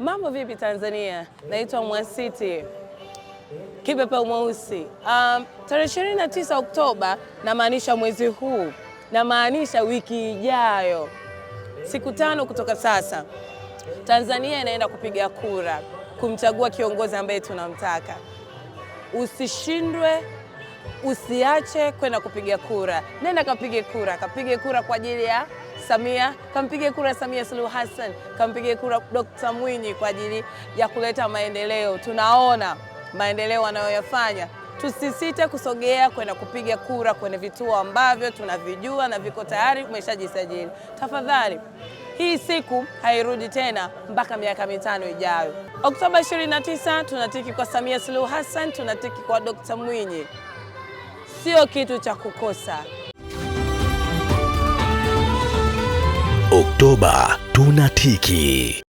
Mambo vipi Tanzania? Naitwa Mwasiti Kipepeo Mweusi. Um, tarehe 29 Oktoba, namaanisha mwezi huu, namaanisha wiki ijayo, siku tano kutoka sasa, Tanzania inaenda kupiga kura kumchagua kiongozi ambaye tunamtaka. Usishindwe usiache kwenda kupiga kura. Nenda kapige kura, kapige kura kwa ajili ya Samia, kampige kura Samia Suluhu Hassan, kampige kura Dr. Mwinyi kwa ajili ya kuleta maendeleo. Tunaona maendeleo anayoyafanya. Tusisite kusogea kwenda kupiga kura kwenye vituo ambavyo tunavijua na viko tayari umeshajisajili. Tafadhali, hii siku hairudi tena mpaka miaka mitano ijayo. Oktoba 29 tunatiki kwa Samia Suluhu Hassan, tunatiki kwa Dr. Mwinyi sio kitu cha kukosa. Oktoba tunatiki.